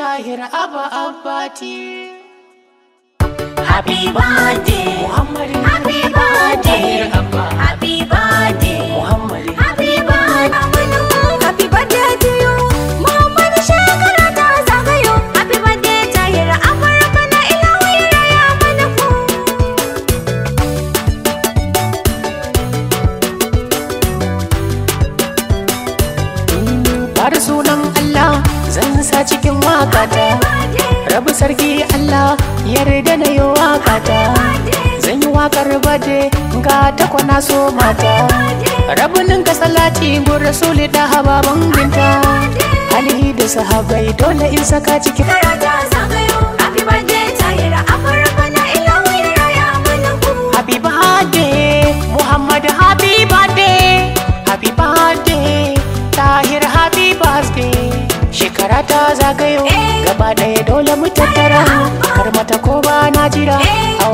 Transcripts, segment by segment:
tahir abba abbati happy birthday muhammad happy birthday tahir abba happy birthday muhammad happy birthday rabu sarki Allah yarda na yi waka ta zan yi wakar bade ga takwana so mata rabunin ka salati gun rasuli da haba banginta alihi da sahabai dole in saka cikin karata zagayo happy birthday tayira afirka na ilawi raya mana ku happy birthday muhammad happy birthday happy birthday tahir happy birthday shekara ta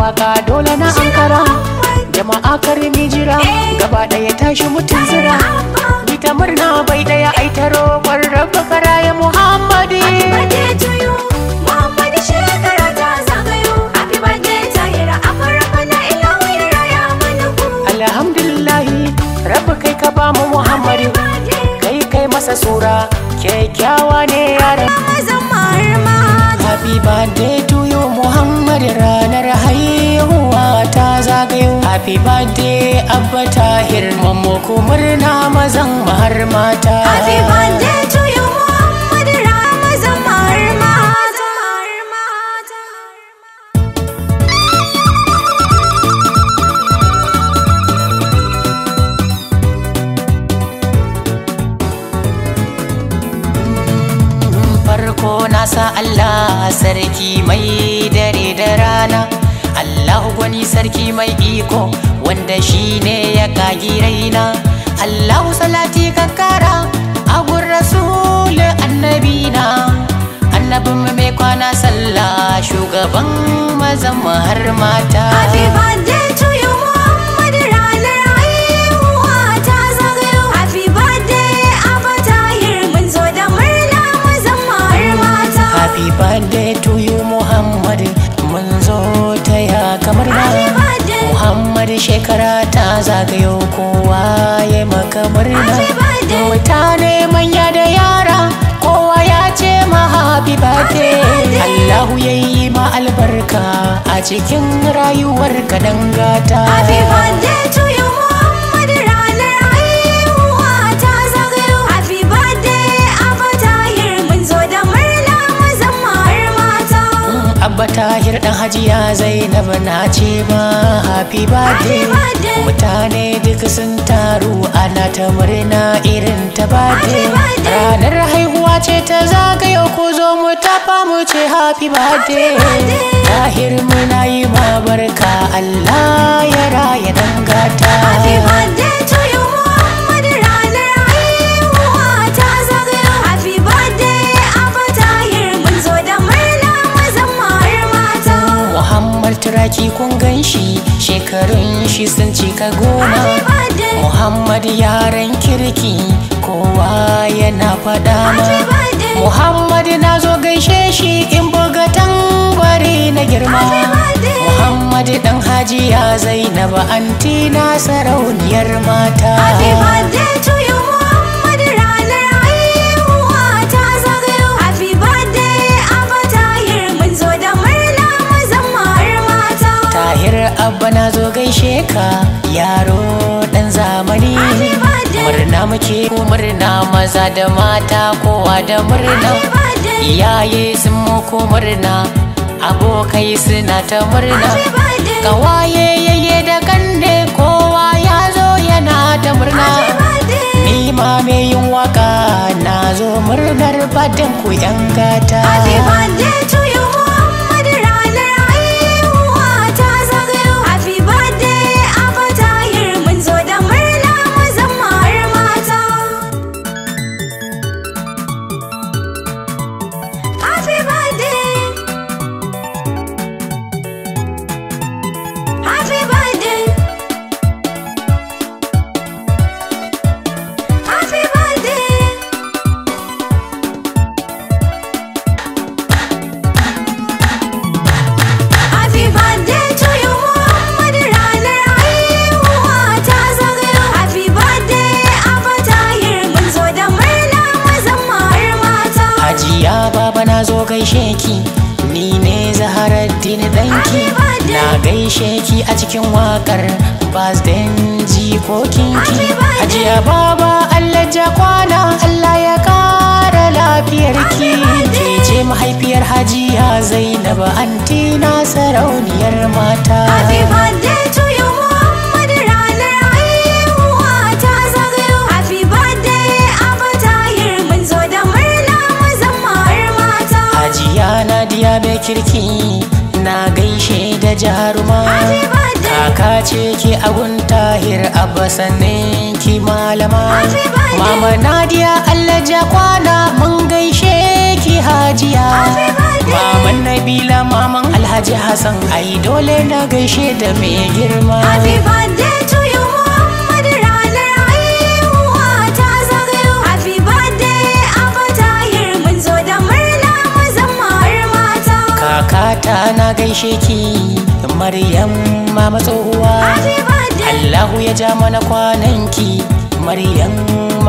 waka dole na ankara jama'a karni jira gaba daya tashi mutum zira Bita murna bai daya ai ta roƙon rabba karaya muhammadi kai muhammadi kai masa sura kyakkyawa ne yaran happy birthday to you Muhammad ranar happy birthday abba tahir mammo ku murna mazan mahar mata happy birthday to you muhammad ramazan mahar mata farko na sa allah sarki mai dare da rana Allahu wani sarki mai iko wanda shi ne ya kagi raina Allahu salati kakara a rasul annabina annabin mai kwana sallah shugaban mazan har mata shekara ta zagayo kowa ya maka murna mutane manya da yara kowa ya ce ma happy birthday Allahu ya yi ma albarka a cikin rayuwar ka dangata happy birthday to you abba tahir dan hajiya zainab na ce ma happy birthday mutane duk sun taru ana ta murna irin ta birthday ranar haihuwa ce ta zagayo ko zo mu tafa mu ce happy birthday tahir muna yi ma barka Allah ya raya dangata happy birthday shi sun cika goma muhammad yaran kirki kowa yana faɗa ma muhammad na zo gaishe shi in bogatan gwari na girma muhammad dan hajiya zainab anti na sarauniyar mata ka yaro dan zamani murna muke murna maza da mata kowa da murna iyaye sun muku murna abokai suna ta murna kawaye yayye da Kande kowa ya zo yana ta murna ni ma mai yin waka na zo murnar fatan ku yan gata na zo gaishe ki ni ne zaharaddin danki na gaishe ki a cikin wakar bas basden ki ajiya baba allah ja kwana allah ya kara lafiyar ki ce mahaifiyar hajiya zainab anti na sarauniyar mata jaruma kaka ce ki agun tahir abasannin ki malama mama nadiya ja kwana mun gaishe ki hajiya maman nabila maman alhaji hassan ai dole na gaishe da mai girma Happy birthday to faɗa na gaishe ki maryam mama tsohuwa allahu ya ja mana kwananki maryam